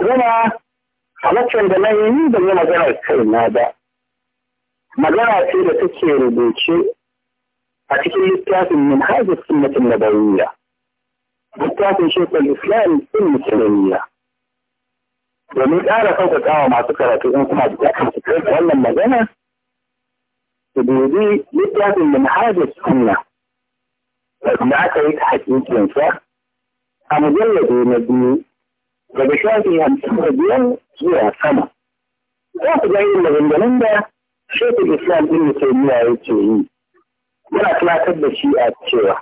Zama halittar da nan yi da yi magana kaina ba magana ce da take rubuce a cikin littafin min hajjar sunnatin nabawiyya littafin shekul islam sun musulmiya domin ƙara sauƙaƙawa masu karatu in kuma da kan su kai wannan magana su dubi littafin min hajjar sunna da aka yi ta hakikinsa a mujallabi na biyu daga shafin hamsin da biyar zuwa sama. Za ku ga yin maganganun da Shekul Islam ɗin Taimiyya yake yi. Yana tunatar da shi a cewa,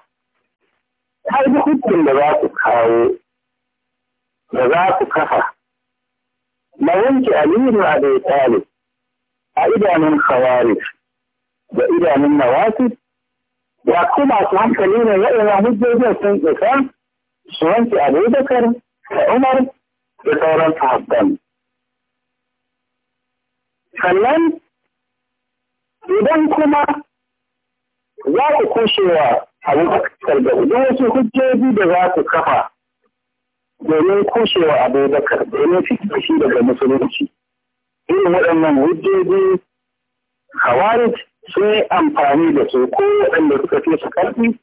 har duk hukun da za ku kawo, da za ku kafa, na wanke aliyu a bai a idanun kawari da idanun nawasi ya kuma masu hankali ne waɗannan hujjojin sun isa su wanke abubakar da umar da sauran sahabban. Sannan idan kuma za ku kushewa abin bakar da wasu hujjoji da za ku kafa domin kushewa bakar domin fitar shi daga musulunci. Irin waɗannan hujjoji Khawarij sun yi amfani da su ko waɗanda suka fi su ƙarfi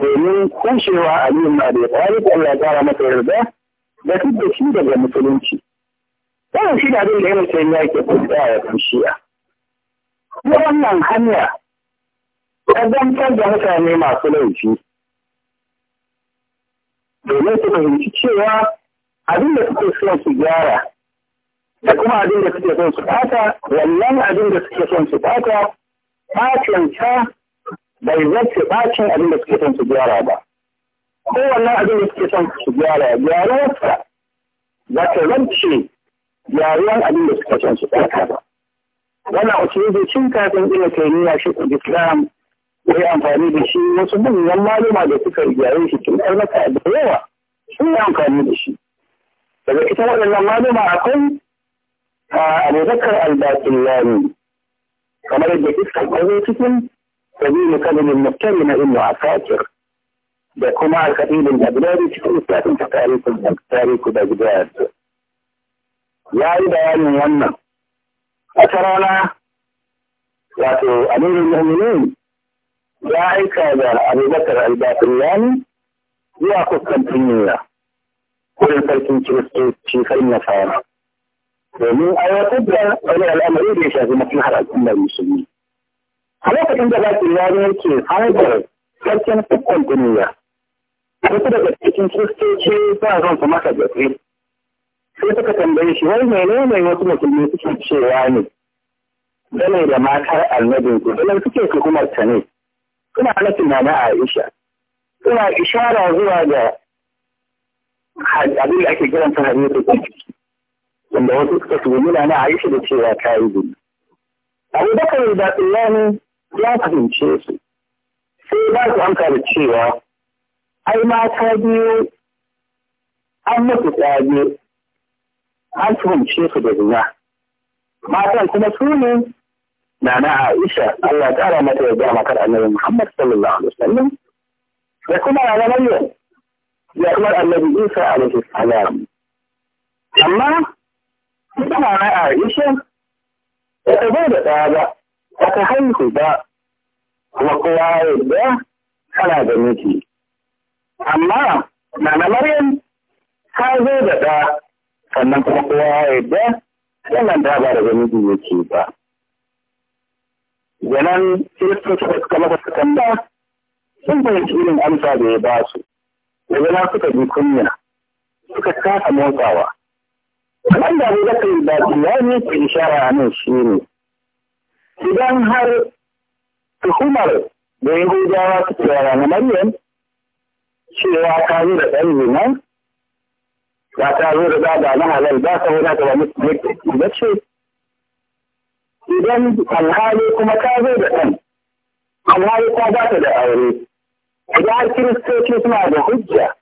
domin kushewa a yin ma da ya Allah ya masa yarda da duk da shi daga musulunci wannan shi da abin da yana sayan yake kunta ya kan shi'a Ko wannan hanya ƙazantar da mutane masu laifi domin su fahimci cewa abin da suke son su gyara da kuma abin da suke son su ɓata wannan abin da suke son su ɓata ta bai zarce ɓacin abin da suke son su gyara ba. kowannan abin da suke son su gyara gyaruwarsa ba ta zance gyaruwar abin da suka son su ɗauka ba. Wannan wasu yanzu cin kafin ina taimiyya shi ku Islam ya amfani da shi wasu manyan maluma da suka gyaru shi tun karnuka da yawa sun yi amfani da shi. Daga ita waɗannan maluma akwai Abubakar Lami kamar yadda iskar ƙwazo cikin sabi mukamin mutane na a fatir da kuma alƙalilin da gudanar cikin lissafin ta tarihin da tarihi da gudanar ya yi bayanin wannan a rana wato amirin mu'minin ya aika da abubakar albatriyani zuwa kustantiniya wurin sarkin kiristoci kan nasara domin aiwatar da wani al'amari da ya shafi maslahar al'ummar musulmi a lokacin da batriyani yake haifar sarkin kustantiniya wasu daga cikin kiristoci ba zan su maka gaske sai suka tambaye shi wai menene wasu musulmi suke cewa ne dane da matar annabin ku dole suke hukumar ta ne suna na na Aisha suna ishara zuwa ga abin da ake kiran ta hadisi wanda wasu suka tuhumi na na Aisha da cewa ta yi zina Abu Bakar da Tsullani ya fahimce su sai ba su amsa da cewa ai mata biyu an mutu tsaye an tuhumce su da zina matan kuma su ne na na Aisha Allah ya kara mata yarda kar Annabi Muhammad sallallahu alaihi wasallam da kuma na yau? ya kuma Annabi Isa alaihi salam amma ita na na Aisha ba ta bai da ɗaya ba ba ta haihu ba kuma kowa ya yarda tana da miki amma nana maryam ta zo da ɗa sannan kuma kowa ya yarda wannan ta ba da zunubi yake ba yanan kiristin da suka maka sukan ba sun fahimci irin amsa da ya ba su da suka bi kunya suka kasa motsawa kamar da abu da kai da ne ke ishara a nan shi ne idan har tuhumar da yahudawa suke yara na maryam cewa ka zo da ɗan liman ba ta zo da baba na halal ba ta wani ta wani mutum ba ce idan alhali kuma ka zo da ɗan alhali ta ba ta da aure idan har kiristoci suna da hujja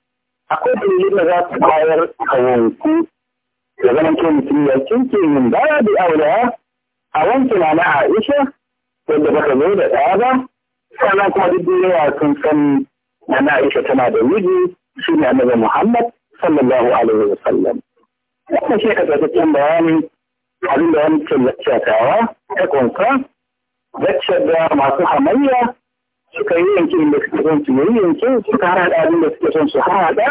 akwai dalilin da za su bayar a wanku da zaman ke mutum ya kinke yin baya da aure a wanki na na Aisha wadda baka zo da ɗaya ba sannan kuma duk da yawa sun sani na Aisha tana da miji shi ne annabi Muhammad sallallahu alaihi wa sallam. Kuma shi ka tsaye bayani abin da wani ce tawa ta kunsa lakcar da masu hamayya suka yi yankin da suke son su yi yankin suka harhaɗa abin da suke son su harhaɗa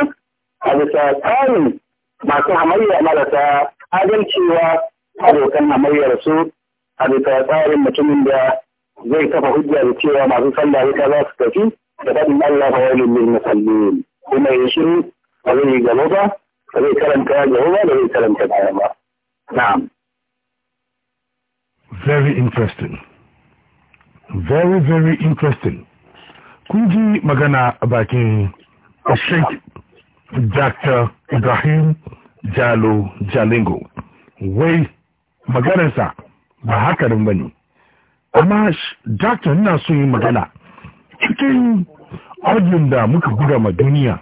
a bisa tsarin masu hamayya marasa adalcewa abokan hamayyar su a bisa tsarin mutumin da zai kafa hujja da cewa masu sallah wuta za su tafi da faɗin Allah wa yalin lil musallin kuma ya shiru a zai gaba ba ba zai karanta gaba ba ba zai karanta baya ba na'am very interesting very very interesting kun ji magana a bakin Sheikh Dr. Ibrahim Jalo Jalingo wai maganarsa ba hakarin ba ne amma Dr. ina so yin magana cikin ajin da muka buga ma duniya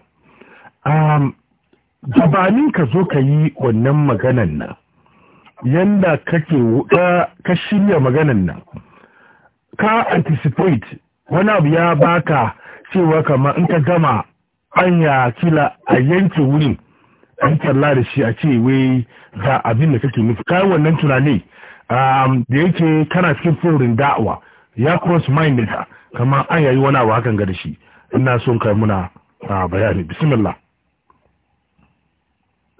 gabanin ka zo ka yi wannan maganan nan yanda kake ka shirya maganan nan ka anticipate wani abu ya baka cewa kamar in ka gama hanya, kila a yanke wurin an talla da shi a ce wai ga abin da kake nufi kayan wannan tunani da yake kana cikin furin da'awa ya cross mind ka kamar an yayi wani abu hakan ga da shi ina son kai muna bayani bismillah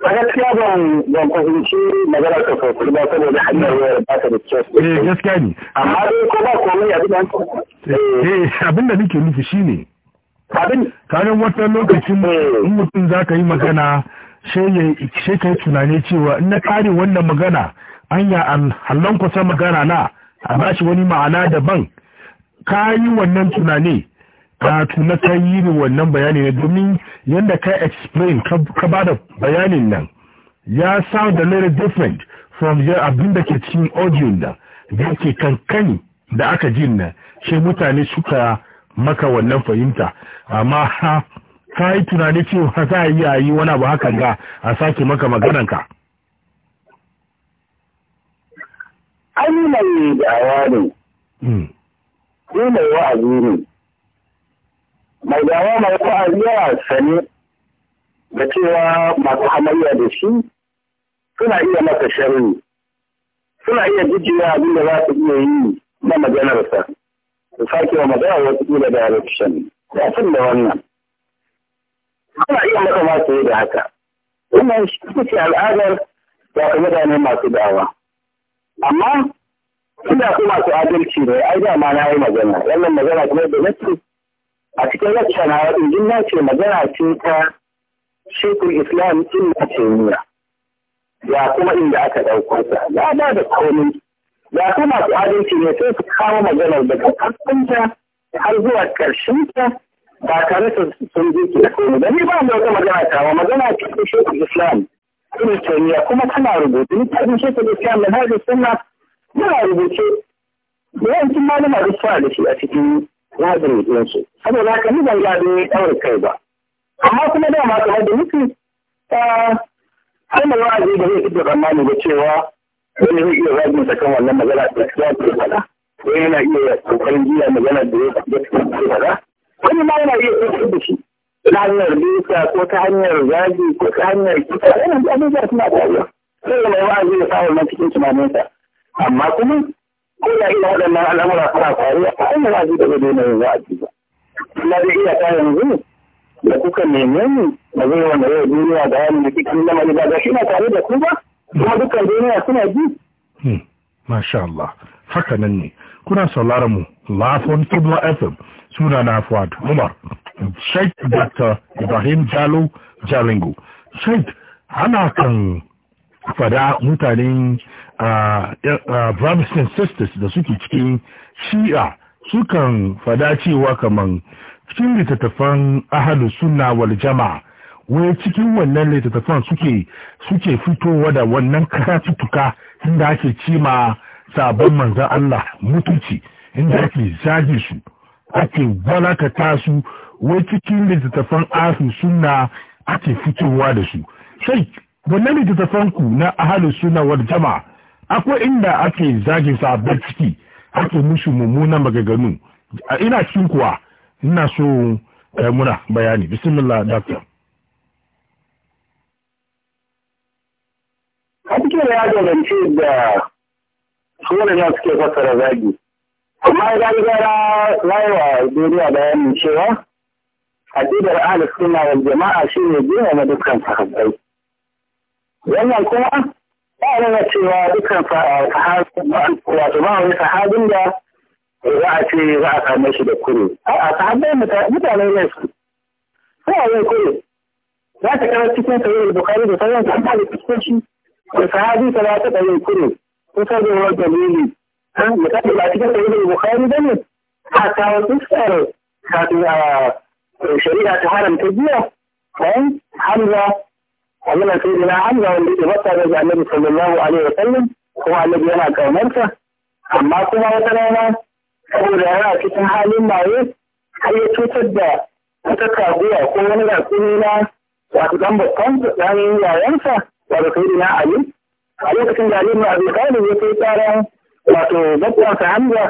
a gaskiya ban ban fahimci magana ta sosai ba saboda hanyar wayar ba ta da kyau eh gaskiya ne amma eh, eh, abin da nake nufi shine abin kanin wata lokacin eh. in mutum ka yi magana sai ka tunani cewa in na kare wannan magana anya an hallon kusa magana na a bashi wani ma'ana daban ka yi wannan tunani karatu na ta yi wannan bayani ne domin yadda ka explain ka ba da bayanin nan ya sound a little different from your abin da ke cikin audio nan da ke kankani da aka jin nan shi mutane suka maka wannan fahimta amma ha ka yi tunani cewa za a yi a yi wani abu hakan ga a sake maka magananka ka ne da yawa ne ko mai wa'azi ne mai dawa mai wa'azi yana sani da cewa masu hamayya da shi suna iya masa sharri suna iya gujewa abin da za su iya yi na maganarsa su sake wa magana wasu ila da direction ya san da wannan suna iya masa masu yi da haka wannan shi ce al'adar ya kuma mutane masu dawa amma Ina kuma su adalci ne, ai da ma na yi magana, wannan magana kuma da nake a cikin lakta na wajen jin na ce magana ce ta shekul islam in na ce nuna. Ya kuma inda aka ɗauko ta, ya ba da komi. Ya kuma su adalci ne sai su kawo maganar daga ƙarfinta har zuwa ƙarshenta ba tare da sun ji da komi. Da ni ba mu wata magana ta magana ce ta shekul islam. ce kuma tana rubutu, ta shekul islam da hajji sunna yana rubuce da yawancin malama duk suna da shi a cikin nazin ɗinsu saboda haka ni ban gado ya ɗaure kai ba amma kuma dama kamar da nufi ta hannun wa'azi da zai fito tsammani da cewa wani zai iya zagin sa kan wannan magana da ya ke faɗa wani yana iya kokarin jiya magana da ya ke faɗa wani ma yana iya kokarin da shi ta hanyar duka ko ta hanyar zagi ko ta hanyar kisa yana da abubuwa suna faruwa sai da mai wa'azi ya samu nan cikin tunaninsa amma kuma ko da ina waɗannan al'amura suna faruwa a kan yana da zai daina yin a ba kuma dai iya ta yanzu da kuka neme mu da zai wanda yau duniya da wani da cikin lamari ba ga shi na tare da Kuma ba kuma dukkan duniya suna ji. Hmm, masha Allah, haka nan ne, kuna sauraron mu Lafon Tudwa FM suna na Fuad Umar, Sheikh Dr. Ibrahim Jalo Jalingo. Sheikh, ana kan fada mutanen protestant sisters da suke cikin shi'a sukan fada cewa kaman cikin littattafan ahalu suna wal jama'a wai cikin wannan littattafan suke suke fitowa da wannan karatuttuka inda ake cima sabon manzan Allah mutunci inda ake zage su ake walakata su wai cikin littattafan ahalu sunna ake fitowa da su sai wannan littattafan ku na ahalu suna wal jama'a akwai inda ake zagin a ciki ake musu mummunan magaganu ina cikin kuwa ina so eh, muna bayani bismillah doctor a cikin ya gabance da sunan ya suke fasara zagi amma idan gara rayuwa duniya bayanin cewa aƙidar ahlus sunna wal jama'a shine gina girmama dukkan sahabbai wannan kuma ba a nuna cewa dukkan wato ba wani sahabin da za a ce za a same shi da kure a sahabbai mutane ne su suna yin kure za ta kawo cikin sahihul bukhari da sauran su amma da fuskoci da sahabi ta za ta yin kure ko sabuwar dalili an mutane ba cikin da bukhari ba ne a kawo fuskar kafin a shari'a ta haramta jiya bayan hamza أما سيدنا حمزة والذي بطل da النبي صلى الله عليه وسلم هو الذي yana kaunarsa amma kuma wata rana saboda yana cikin halin maye har ya cutar da wata kaguwa ko wani rakuni na wato dan babban dan yayansa wato sai na Ali a lokacin da Ali ibn Abi Talib ya kai tsaron wato babban sa Hamza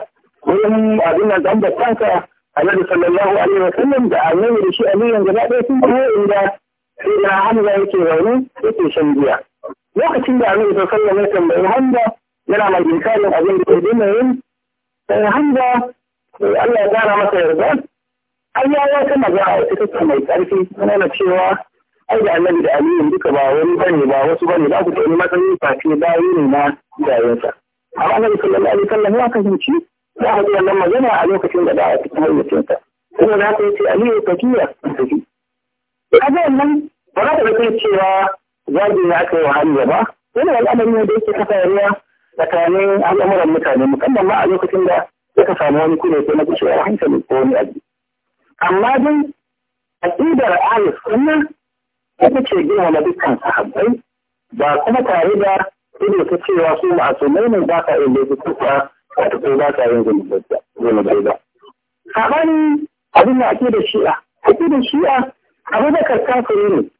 wurin abin nan dan babban sa Annabi sallallahu alaihi wasallam da annabi da shi Ali yanzu ba dai sun yi inda sai na hamza yake zaune yake shan giya lokacin da annabi sallallahu alaihi wasallam ya hamza yana mai inkarin abin da ya dina yin sai hamza Allah ya gara masa yarda ai ya wata magana ita ce mai karfi nuna cewa ai da annabi da aliyu duka ba wani bane ba wasu bane ba ku da wani matsayin face bayi ne na iyayensa amma annabi sallallahu alaihi wasallam ya kasance ya haɗu wannan magana a lokacin da da'a cikin hayyacinsa saboda haka yace aliyu tafiya tafi kaga wannan ba za ka cewa zagi ya kai wa hanya ba yana al'amari ne da yake kasa yarwa tsakanin al'amuran mutane musamman ma a lokacin da suka samu wani kune ko na kusurwa hankali ko wani abu amma dai aƙidar ayat kuma ita ce girmama dukkan sahabbai ba kuma tare da ido ta cewa su ma'asumai ne ba ka yin laifuka wato ko ba ka yin zunubai ba. Saɓani abin da ake da shi'a, ake da shi'a abubakar kafiri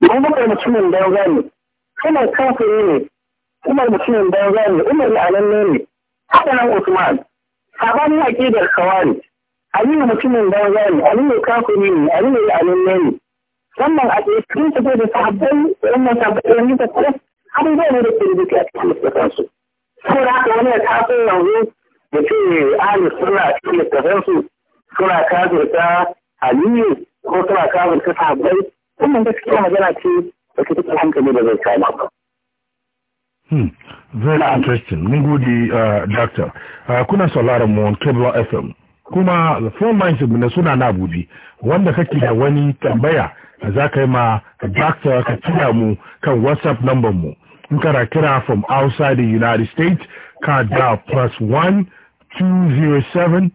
ne abubakar mutumin dauga ne umar kafiri ne umar mutumin dauga ne umar la'ananne ne haka nan usman sabanin aƙidar kawari aliyu mutumin dauga ne aliyu kafiri ne aliyu la'ananne ne wannan a cikin tafi da sahabbai wannan sahabbai wani da kuma abubuwa ne da ke rubuta a cikin littafansu saboda haka wani ya taso yanzu da ce ahlus sunna a cikin littafansu suna kafirta aliyu ko tana kamun ta sahabbai wannan gaskiya magana ce da suke tukar hankali da zai kama ba. Hmm, very interesting. Mun gode, uh, Doctor. Uh, kuna sauraron mu on Cable FM. Kuma the phone minds of suna na buɗe wanda kake da wani tambaya za ka yi ma Doctor ka tuna mu kan WhatsApp number mu. In kana kira from outside the United States ka da plus one two zero seven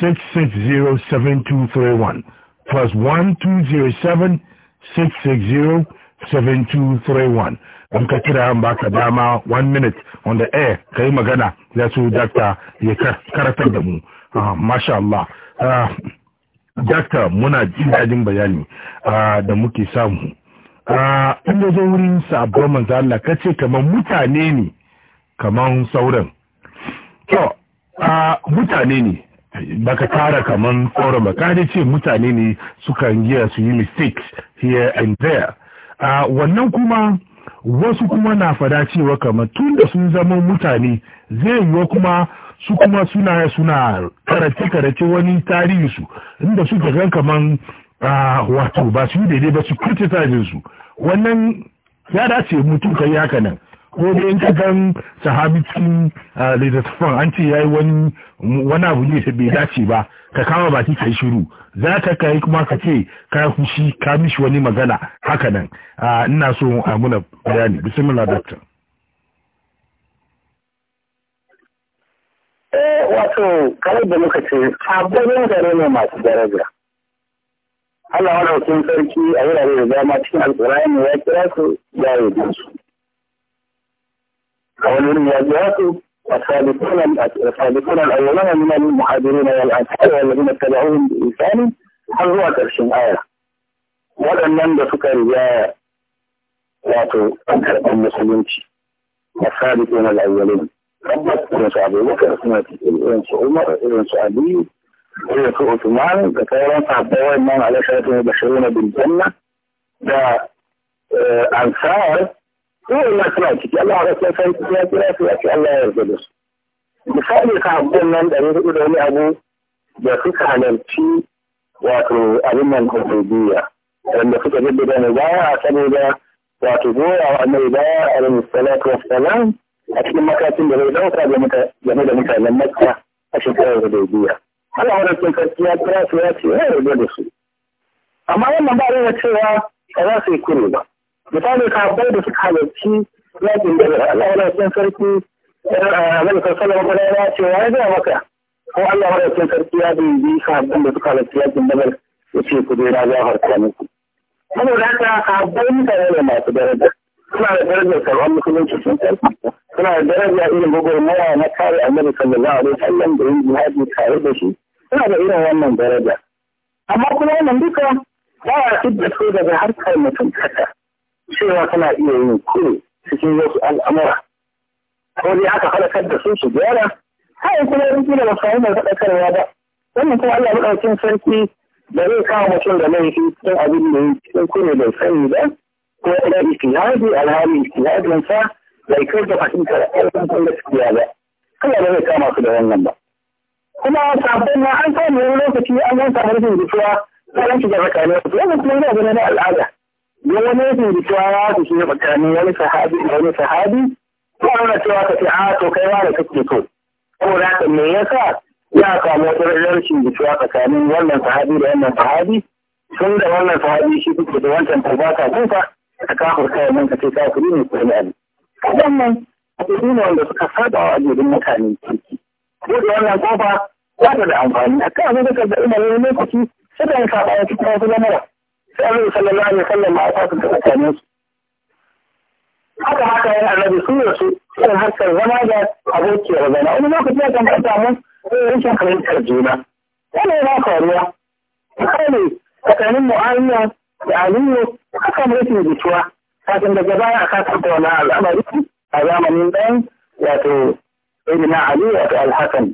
six six zero seven two three one. plus one two zero seven six six zero seven two three one in ka kira an baka dama one minute on the air ka yi magana ya su dakta ya karatar da mu ah, masha Allah ah, dakta muna jin dadin bayani ah, da muke samu in da zo wurin sabon manzo Allah ka ce kamar mutane ne kamar sauran to mutane ne baka tara kaman forum ba ka ce mutane ne suka giya su yi mistake here and there uh, wannan kuma wasu kuma na fada cewa kamar tun da sun zama mutane zai yiwu kuma su kuma suna suna karace-karace wani tarihinsu inda suka gan kaman uh, wato ba su yi daidai ba su criticize su wannan ya dace mutum kai haka nan ko dai in kagan sahabi cikin littattafan an ce ya yi wani abu ne bai dace ba ka kama baki ka yi shiru za ka kai kuma ka ce ka fushi ka mishi wani magana haka nan ina so a muna bayani bismillah doctor eh, wato kawai da muka ce sabonin gare ne masu daraja Allah wadda sarki a wurare da dama cikin alƙur'ani ya kira su ya yi su والولياته والسابقون السابقون الاولون من المحاضرين والانصار والذين اتبعوهم بانسان هل هو ترشم ايه ولن ينبسك رجاء ذاته انكر ام سلمت السابقون الاولين ربك ابن سعدي بكر سمعت ابن عمر ابن سعدي ابن عثمان ذكر يبشرون بالجنه ده آه، انصار in ya ciki Allah ya kira Allah ya yarda da su misali ka habbon nan da hudu da wani abu da suka halarci wato abin nan hudubiyya wanda suka jaddada baya saboda wato goya wa annabi baya alaihi salatu wassalam a cikin matakin da bai dauka game da mutanen a shekarar Allah wani cikin ya ya ce ya yarda da su amma wannan ba da cewa ba za su yi kure ba misali kahabbai da suka halarci yakin da Allah yana cikin sarki zai sassala wata ya ce wa ya maka ko Allah yana cikin sarki ya dubi kahabban da suka halarci yakin da ya ce ku dai na zafarta muku saboda haka kahabbai mutane ne masu daraja suna da darajar karɓar musulunci sun sarki suna da daraja irin gwagwarmaya na kare annabi sallallahu alaihi wasallam da yin jihadi tare da shi suna da irin wannan daraja amma kuma wannan duka ba a fidda su daga harkar mutum kasa cewa tana iya yin kure cikin wasu al'amura ko dai aka faɗakar da su su gyara kai kuma yin kila ba su faɗakarwa ba wannan kuma Allah maɗaukin sarki da zai kawo mutum da laifi cikin abin da cikin kure bai sani ba ko da ijtihadi alhali ijtihadin sa bai kai da fahimtar ayyukan gaskiya ba Allah ba zai kama su da wannan ba kuma sabon ma an samu wani lokaci an yanka harfin jituwa ta yanki da tsakanin su wannan kuma yana ganin al'ada don wani yake da cewa ya ku shiga tsakanin wani sahabi da wani sahabi ko ana cewa ka ce a to kai wani kake to saboda haka me yasa ya samu wata rashin jituwa tsakanin wannan sahabi da wannan sahabi tun da wannan sahabi shi kuke da wancan tabbata kuka ka kafir kai nan ka ce ka kafiri ne ko ne wannan abu ne wanda suka saba wa ajiyar mutane kirki ko da wannan kofa ba ta da amfani a kan abin da ka da umarni lokaci suka yi saba ya cikin wasu lamura النبي صلى الله عليه وسلم مع فاطمة كان يوسف. هذا حتى أنا صلى الله عليه وسلم حتى الغنى ده أنا يا ربنا. أنا يعني ما كنت لازم أتعمل ايش خلينا نترجمها. أنا ما قاري. خالي فكان المعلم يعلمه حكم رسمي بشوى. لكن ده جبان أخاف حتى أنا على الأمر هذا من بين يأتي ابن علي وأبي الحسن.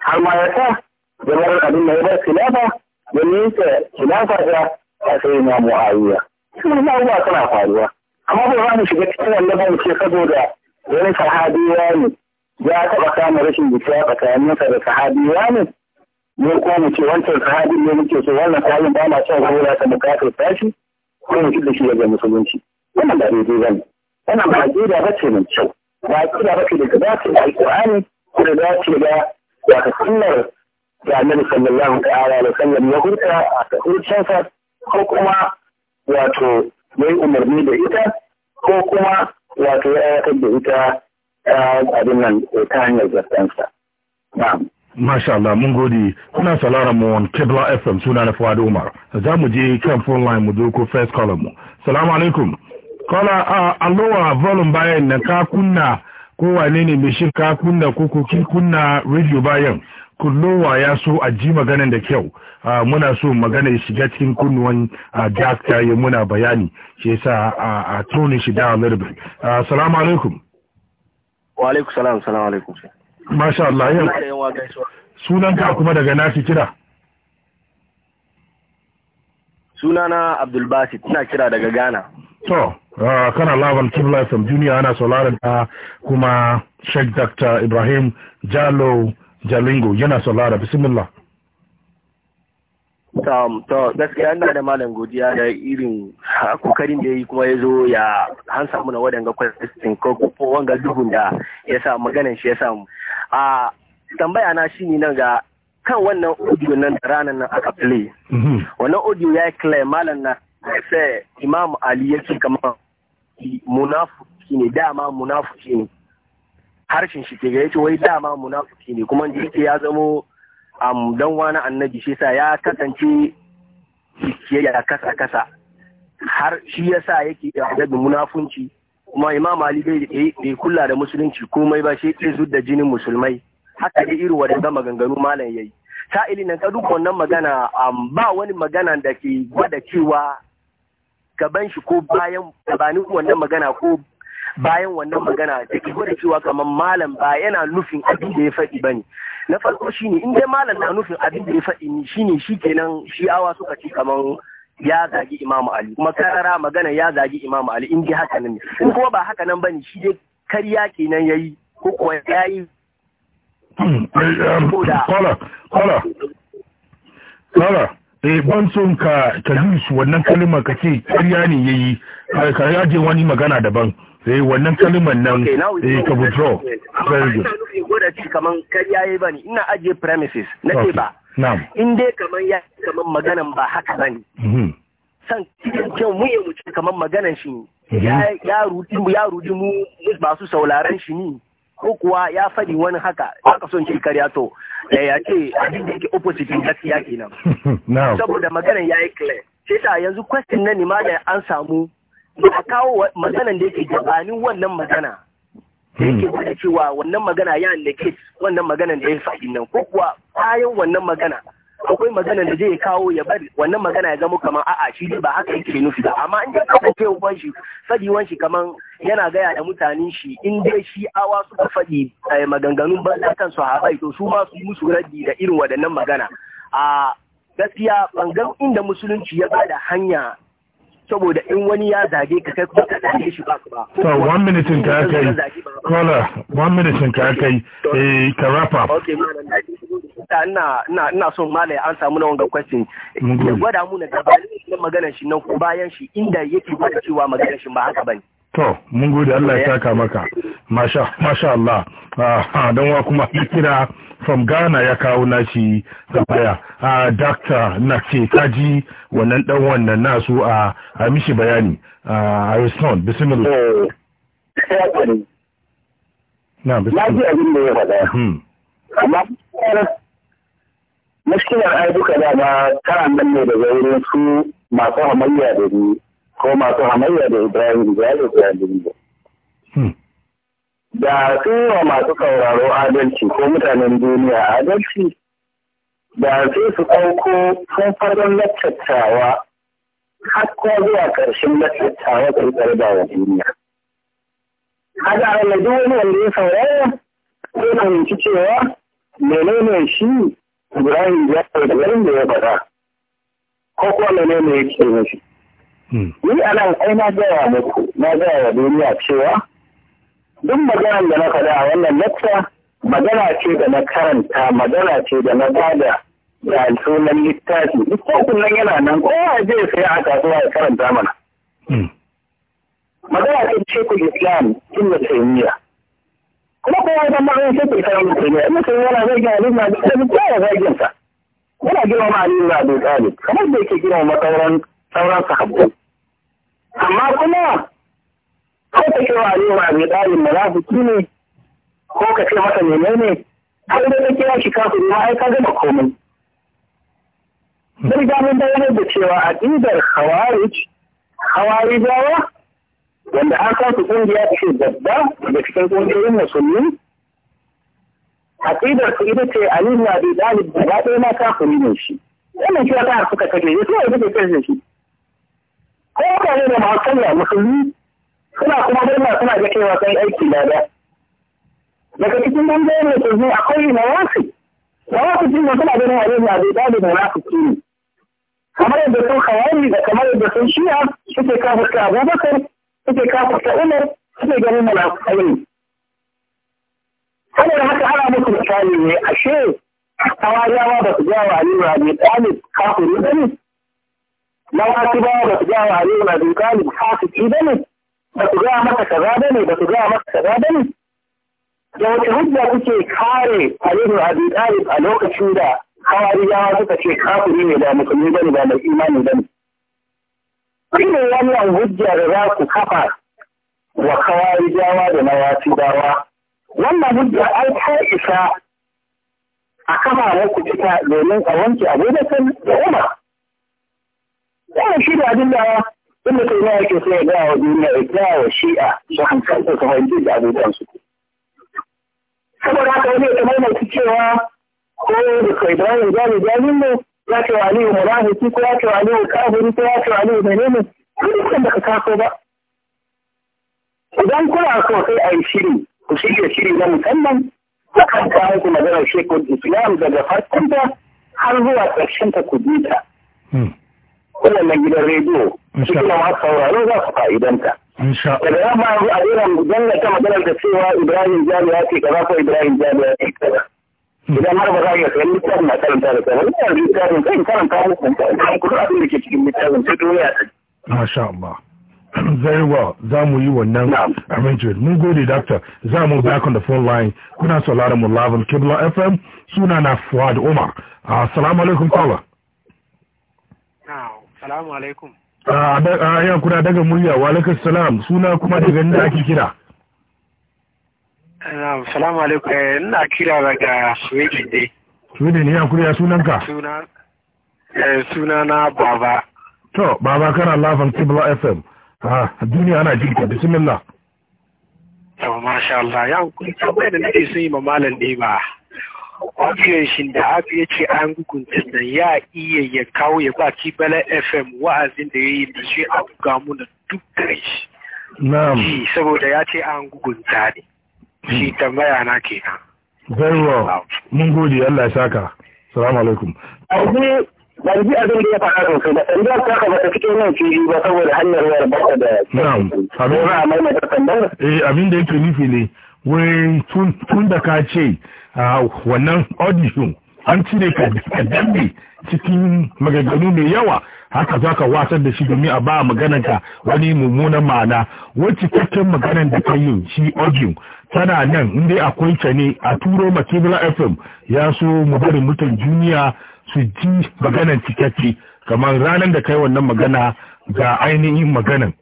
حرمايته جمهور الأدلة هي خلافة. بنيت خلافة a sai na mu'awiya sun na abubuwa suna faruwa amma ba za mu shiga cikin wannan ba mu ce saboda wani sahabi ne ya taɓa samun rashin jituwa tsakaninsa da sahabi ne mu ko mu ce wancan sahabin ne muke so wannan sahabin ba ma son rura ta bukatar tashi ko mu da shi daga musulunci wannan ba daidai ba ne wannan ba da ba ce mai kyau ba aqida ba ce da za ta da alqur'ani ko da za ta da wata sunnar da annabi sallallahu ta'ala alaihi wasallam ya hurta a hurcin sa ko kuma wato yayi umarni da ita ko kuma wato ya aiwatar da ita abin nan ta hanyar zartansa. Na'am. Masha Allah mun gode kuna salara mu on Kebla FM suna na Fuad Umar za mu je kan phone line mu duko first column mu Assalamu alaikum kola a alowa volume bayan nan ka kunna ko wane ne mai shi ka kunna ko ko kunna radio bayan kullowa ya so a ji maganan da kyau muna so magana ya shiga cikin kunnuwan ta ya muna bayani shi yasa a tone shi da lirbi Salamu alaikum wa alaikum salamu Salamu alaikum masha Allah yau sunan ka kuma daga nafi kira sunana Abdul Basit kira daga Ghana to kana laban kibla from duniya ana sauraron ta kuma Sheikh Dr Ibrahim Jalo jalingo yana saurara bismillah Tom, to gaskiya ina da malam godiya da irin kokarin da ya yi kuma ya zo ya samu na wadanga kwastin ko kuma wanga duhun da ya sa maganan shi ya samu. A tambaya na shi ne nan ga kan wannan audio nan da ranar nan aka play. Mhm. Wannan audio ya yi malam na sai Imam Ali yake kamar munafuki ne dama munafuki ne. harshen shi ke gaya ce, wai dama munafiki ne kuma da yake ya zamo am dan wani annabi shi sa ya kasance ya kasa kasa har shi yasa yake da munafunci kuma imam ali bai bai kula da musulunci komai ba shi ke da jinin musulmai haka da irin ga maganganu malam yayi Ta nan ka duk wannan magana ba wani magana da ke gwada cewa gaban shi ko bayan gabanin wannan magana ko bayan wannan magana da ke gwada cewa kamar malam ba yana nufin abin da ya faɗi ba ne na farko shine in dai malam na nufin abin da ya faɗi ne shine shi kenan awa suka ce kamar ya zagi imamu ali kuma karara magana ya zagi imamu ali in dai haka nan in kuma ba haka nan ba ne shi dai karya kenan ya yi ko kuwa ya yi kola kola kola eh ban son ka ka wannan kalmar ka ce karya ne yayi ka yaje wani magana daban sai eh, wannan kalimar nan eh ka withdraw very good gwada ci kaman kariya yayi bane ina ajiye premises na ce ba naam. in dai kaman ya kaman maganan ba haka bane mm-hmm. san kyau mu yi mu ci kaman maganan shi mm-hmm. ya rudi mu ya rudi mu ba su sauraron shi ni ko kuwa ya faɗi wani haka aka son ci karya to eh, ya ce abin da yake opposite gaskiya kenan saboda maganan yayi clear sai yanzu question na ni ma da an samu da a kawo maganan da yake gabanin wannan magana da yake hmm. gwada cewa wannan magana ya nake wannan maganan da ya fa'i nan ko kuwa bayan wannan magana akwai magana da zai kawo ya bari wannan magana ya zama kamar a'a shi ne ba haka yake nufi ba amma in ya kasance wan shi fadi wan shi kamar yana gaya da mutanen shi in dai shi awa suka fadi eh, maganganun banza kan su haɓai to su ma su musu raddi da irin waɗannan magana a gaskiya ga inda musulunci ya bada hanya saboda in wani ya zage ka kai kuma ka zage shi ba ba so one minute ka kai kola one minute ka kai eh ka wrap up okay malam ina ina ina son malam ya ansa mana wannan question ya gwada mu na gaba gabanin magana shi nan ko bayan shi inda yake gwada cewa magana shi ba haka bane to mun gode Allah ya eh. saka maka masha masha Allah ah, ah, don wa kuma kira from Ghana ya kawo nashi tambaya a ah, doctor na kaji wannan dan wannan nasu a a mishi bayani a respond bismillah na bismillah hmm. amma mushkilar ai duka da ba ta nan ne daga wurin su masu hamayya da ni ko masu hamayya da Ibrahim da yalo hmm. da da sun yi wa masu sauraro adalci ko mutanen duniya adalci da sai su ɗauko sun farin lattattawa har ko zuwa ƙarshen lattattawa ƙarƙar da wa duniya. a duk wani wanda ya saurara sai fahimci cewa menene shi Ibrahim ya da ya faɗa ko kuma menene yake mashi. Hmm. Ni a nan ai na gaya muku, na gaya wa duniya cewa duk maganar da na faɗa a wannan lakta magana ce da na karanta, magana ce da na bada da sunan littafi. Littafin nan yana nan kowa zai sai a kasuwa ya karanta mana. Hmm. Magana ce ce ku Islam tun da taimiyya. Kuma kowa da ma'ayin ce ku Islam da taimiyya. Ina sai yana zargin abin na da taimiyya kowa zargin sa. Yana gina ma'anin na da tsari. Kamar da yake girma sauran sauran sahabbai. amma kuma ta ka wa ne wa mai su munafiki ne ko ka ce masa ne har da ka kira shi kafin ma ai ka gama komai Sai ga mun bayyana da cewa a aqidar Hawarij, Hawarijawa, wanda an kasu ta ce babba daga cikin ƙungiyoyin musulmi aqidar su ita ce Ali na Abi Talib da ɗaya na kafin ne shi wannan shi ta suka kaje sai ya kai shi ko mutane da masu sallah musulmi suna kuma murna suna ga cewa sun aiki da da daga cikin ne ko zai akwai nawafi nawafi din nan suna ganin abin da bai dade da nafi ne kamar yadda sun hawari da kamar yadda sun shiya suke kafuska abubakar suke kafuska umar suke ganin malakai ne saboda haka ana musu misali ne ashe hawajawa ba su jawa ne ba ne ɗalib kafin ne na wasu ba ba su ga wa Ali ibn Abi Talib fasiki bane ba su ga masa kaza bane ba su ga masa kaza bane da wata hujja kuke kare Ali ibn Abi a lokacin da Hawariyawa suka ce kafiri ne da musulmi bane ba mai imani bane shine wannan hujja da za ku kafa wa Hawariyawa da na wasu dawa wannan hujja ai ta isa a wa ku ita domin a wanke Abubakar da Umar Wannan shi da abin da inda kai ma yake so ya gaya wa duniya ya gaya wa shi'a su hankalta su fahimci da abubuwan su. Saboda haka wani ya maimaita cewa ko da kai bayan jami jamin ne ya ce wa aliyu munafiki ko ya ce wa aliyu kafiri ko ya ce wa aliyu menene dukkan da ka kaso ba. Idan kuna so sai a yi shiri ku shirya shiri na musamman akan kawo ku maganar shekul islam daga farkonta har zuwa ƙarshen ta ku bi ta. Hmm. kowane gidan rediyo cikin masu sauraro za su fa'idanta. Daga yamma yanzu a irin danganta maganar da cewa Ibrahim Jami ya ce kaza ko Ibrahim Jami ya ce kaza. Hmm. Idan har ba za ka sayan littafin na karanta da kaza, ina littafin kan karanta muku kan kuma abin da ke cikin littafin sai duniya ta. Masha Allah. Very well, za mu yi wannan arrangement. Mun gode, Doctor. Za mu back on the phone line. Kuna sauraron mu Lavin Kibla FM. Suna na Fuad Umar. Assalamu alaikum, caller. Assalamu alaikum. Ah, A ah, yi kuna daga murya wa alaikum salam suna kuma daga inda ake kira. Eh, assalamu alaikum eh, ina kira daga Sweden dai. Sweden ya kuriya sunanka? Suna eh, suna na baba. To baba kana lafan Tibla FM. Ha, ah, duniya ana jinka bismillah. Yau, masha Allah ya kuri tambayar da nake sun yi ma malam ne ba. shi da aka ya ce an gugunta da ya iya ya kawo ya ba bala fm wa'azin da ya yi da shi a buga muna duk gare shi na'am saboda ya ce an gugunta ne shi hmm. tambaya na kenan very well mun gode Allah ya saka assalamu alaikum ban ji abin da ya faɗa sosai ba tambayar ta ba ta fito nan fili ba saboda hanyar wayar ba da na'am eh, abin da yake nufi ne wai tun da ka ce a wannan audition an cire ka dambe cikin maganganu mai yawa haka za ka watsar da shi domin a ba magananka wani mummunan ma'ana wacce cikakken maganan da ka yi shi audio tana nan inda akwai ta ne a turo makibla fm ya so mu bari mutan juniya su ji maganar cikakke kamar ranar da kai wannan magana ga ainihin maganan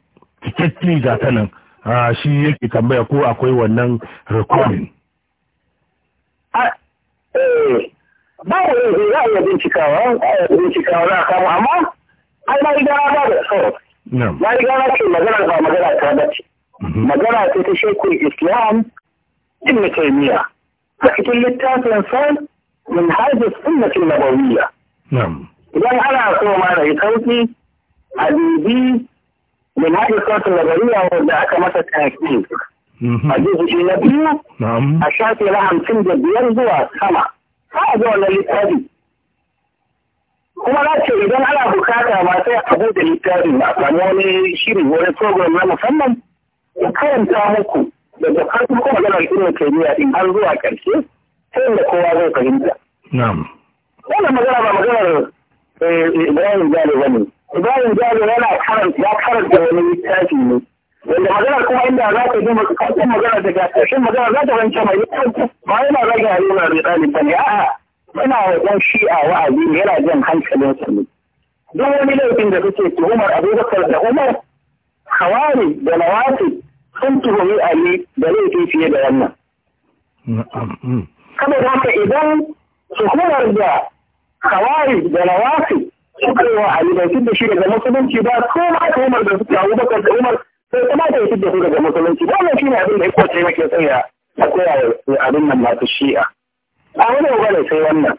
cikakke ga ta nan A ah, shi yake tambaya ko akwai wannan recording ah, eh, ba wani za a bincika bincikawa a yi bincikawa za a kama amma ai na riga ba da so na riga ce magana ba magana ta bace mhm. magana ce ta shekul islam na taymiya a cikin littafin sa min hajjus sunnatul nabawiyya idan ana so ma yi sauki a bibi da na yi sautin nagariya wanda aka masa taƙi mhm. a jizuki na biyu a shafi na hamsin da biyar zuwa sama za a ga wannan littafi kuma na ce idan ana bukata ba sai a buɗe littafi a samu wani shiri wani program na musamman da karanta muku daga farko ko magana ilimin kimiyya in har zuwa ƙarshe ta yadda kowa zai fahimta. Wannan magana ba magana eh, Ibrahim Jale ba ne. Ibrahim Jalo yana karanta ya karanta wani littafi ne. Wanda magana kuma inda za ka ji maganar magana daga ƙarshen magana za ta wanke mai littafi ba yana rage haruna mai ɗalibin ne a'a yana wajen shi'a wa'azi ne yana jan hankalin su ne. Duk wani laifin da kake tuhumar Abubakar da Umar Hawari da Nawati sun tuhumi Ali da laifin fiye da wannan. Kada mm. haka idan tuhumar da Hawari da Nawati cewa Ali bai fitar da shi daga musulunci ba ko ma da Umar da suka Abu Bakar da Umar sai kuma da fitar da su daga musulunci ba ne shine abin da ya kwace yake tsaya a koya abin nan masu shi'a a wani ne sai wannan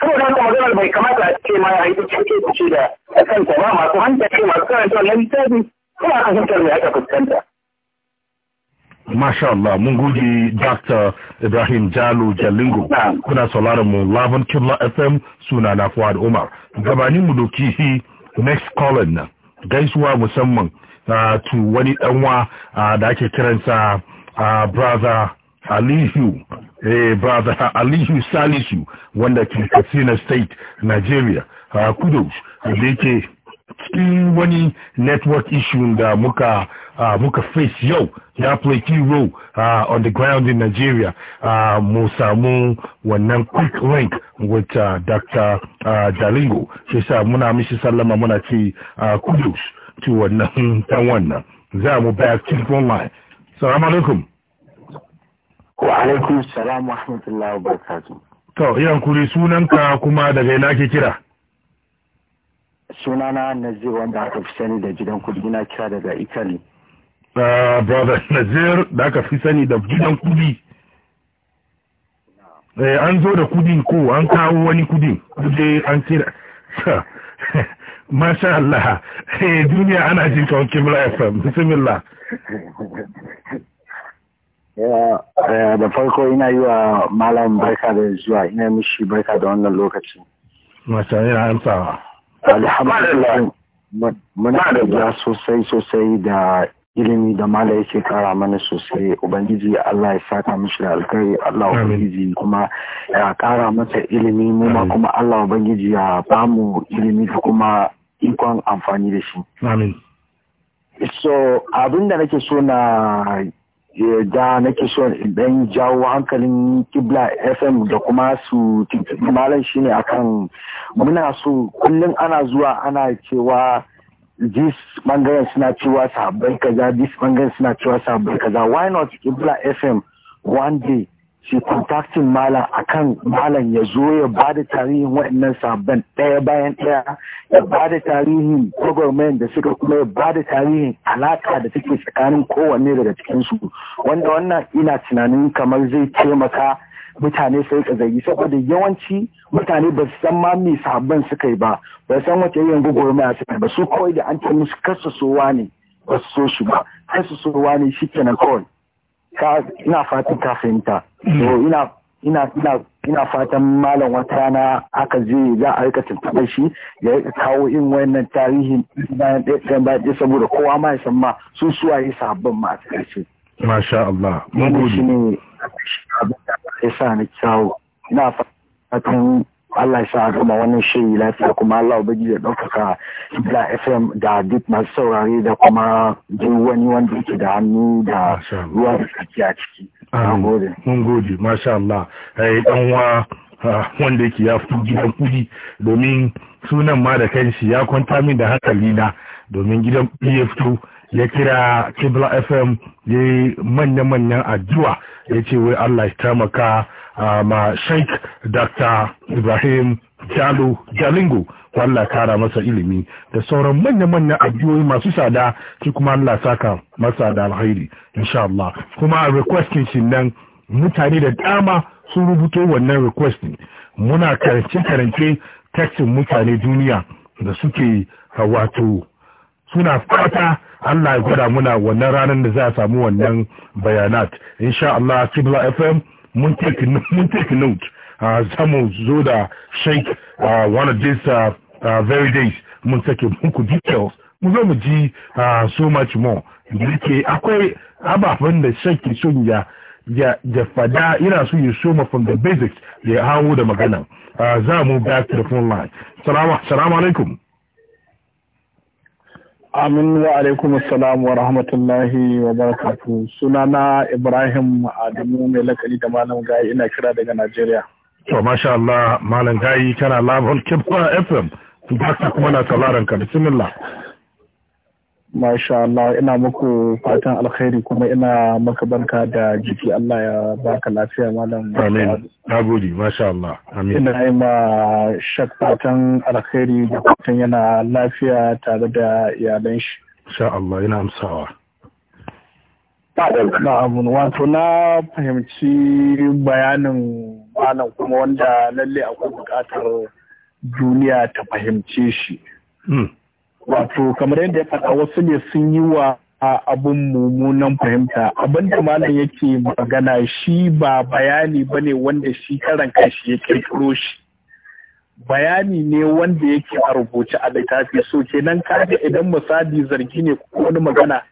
saboda haka maganar bai kamata a ce ma ya yi cike kuce da kanta ba masu hankali masu karanta wannan littafi kuma a kasantar mai aka fuskanta Masha Allah mun gode Dr. Ibrahim Jalo Jalingo kuna sauraron mu Lavin Kibla FM suna na Fuad Umar gabanin mu doki next caller na gaisuwa musamman uh, to wani ɗanwa a ah, da ake kiransa a ah, brother Aliyu eh brother Aliyu Salisu wanda ke Katsina State Nigeria a kudos da yake cikin wani network issue da muka uh, muka face yau ya play key role uh, on the ground in Nigeria uh, mu samu wannan quick link with uh, Dr. Uh, Dalingo shi sa muna mishi sallama muna ce uh, kudos to wannan dan wannan za mu back to phone line salamu alaikum wa alaikum salam wa rahmatullahi wa barakatuh to yan kuri sunanka kuma daga ina ke kira sunana nazir wanda aka fi sani da gidan kudi na kira daga italy na ah, brother nazir da aka fi sani da gidan kudi eh an zo da kudi ko an kawo wani kudi kudi an kira masha Allah eh, duniya ana jin kawon kimla fm bismillah eh, da farko ina yi wa malam barka da zuwa ina mishi barka da wannan lokacin. masha Allah amsawa alhamdulillah muna da sosai sosai da ilimi da mala yake kara mana sosai ubangiji Allah ya saka mishi da alkari Allah ubangiji kuma ya kara masa ilimi mu ma kuma Allah ubangiji ya bamu ilimi da kuma ikon amfani da shi so abin da nake so na da nake son ɗan jawo hankalin kibla fm da kuma su malam shine akan muna so kullum ana zuwa ana cewa this bangaren suna cewa sabbin kaza this bangaren suna cewa sabbin kaza why not kibla fm one day shi kontaktin malam akan malam ya zo ya ba da tarihin waɗannan sabon ɗaya bayan ɗaya ya ba da tarihin gwagwarmayan da suka kuma ya ba da tarihin alaƙa da take tsakanin kowanne daga cikinsu wanda wannan ina tunanin kamar zai taimaka mutane sai ka zargi saboda yawanci mutane ba su san ma me sabon suka yi ba ba san wace yin gwagwarmaya suka ba su kawai da an ce musu kasa sowa ne ba su so shi ba kasa sowa ne shi kenan kawai ka ina fatan ka fahimta so ina ina ina ina fatan malam wata rana aka je za a rika tuntuɓar shi ya rika kawo in wannan tarihin bayan ɗaya bayan ɗaya saboda kowa ma ya san ma su suwaye sabbin ma a ƙarshe masha Allah mun gode shi ne abin da ya sa na ina fatan Allah sa gama wannan shiri lafiya kuma Allah ubangi ya ɗaukaka da FM da duk masu saurare da kuma duk wani wanda yake da hannu da ruwan da tsaki a ciki. Mun gode, masha Allah. Eh, dan wa wanda yake ya fi gidan kuɗi domin sunan ma da kanshi ya kwanta min da hankali na domin gidan kuɗi ya fito ya kira Kibla FM ya yi manya-manyan addu'a ya ce wai Allah ya taimaka ma sheik dr ibrahim jalo jalingo wallah kara masa ilimi da sauran manya-manyan addu'o'i masu sada shi kuma Allah saka masa da alkhairi insha Allah kuma a requesting shi nan mutane da dama sun rubuto wannan requesting muna karance-karance tekstin mutane duniya da suke wato suna fata Allah ya gwada muna wannan ranar da za a samu wannan bayanat insha Allah Kibla FM mun take note uh, za mu zo da sheik uh, one of these uh, very days mun take muku details mu zo mu ji so much more da yake akwai ababen da sheik ke son ya ya fada ina so ya soma from the basics ya hawo da magana za mu back to the phone line salamu alaikum Amin wa alaikum assalam wa rahmatullahi wa barakatu. Sunana Ibrahim Adamu mai lakali da Malam Gayi ina kira daga Najeriya. To masha Allah Malam Gayi kana Love on FM. Ba kuma na sauraron ka bismillah. Masha Allah ina muku fatan alkhairi kuma ina maka barka da jiki Allah ya baka lafiya malam. Amin. Na masha Allah. Amin. Ina yi ma shak fatan alkhairi da fatan yana lafiya tare da iyalan shi. masha Allah ina amsawa. abun wato na fahimci bayanin malam kuma wanda lalle akwai bukatar duniya ta fahimce shi. Hmm. wato kamar yadda ya faɗa wasu ne sun yi wa abin mummunan fahimta abin da malam yake magana shi ba bayani ba ne wanda shi karan kanshi ya kirkiro shi bayani ne wanda yake a rubuce a littafi so kenan kaga idan misali zargi ne ko wani magana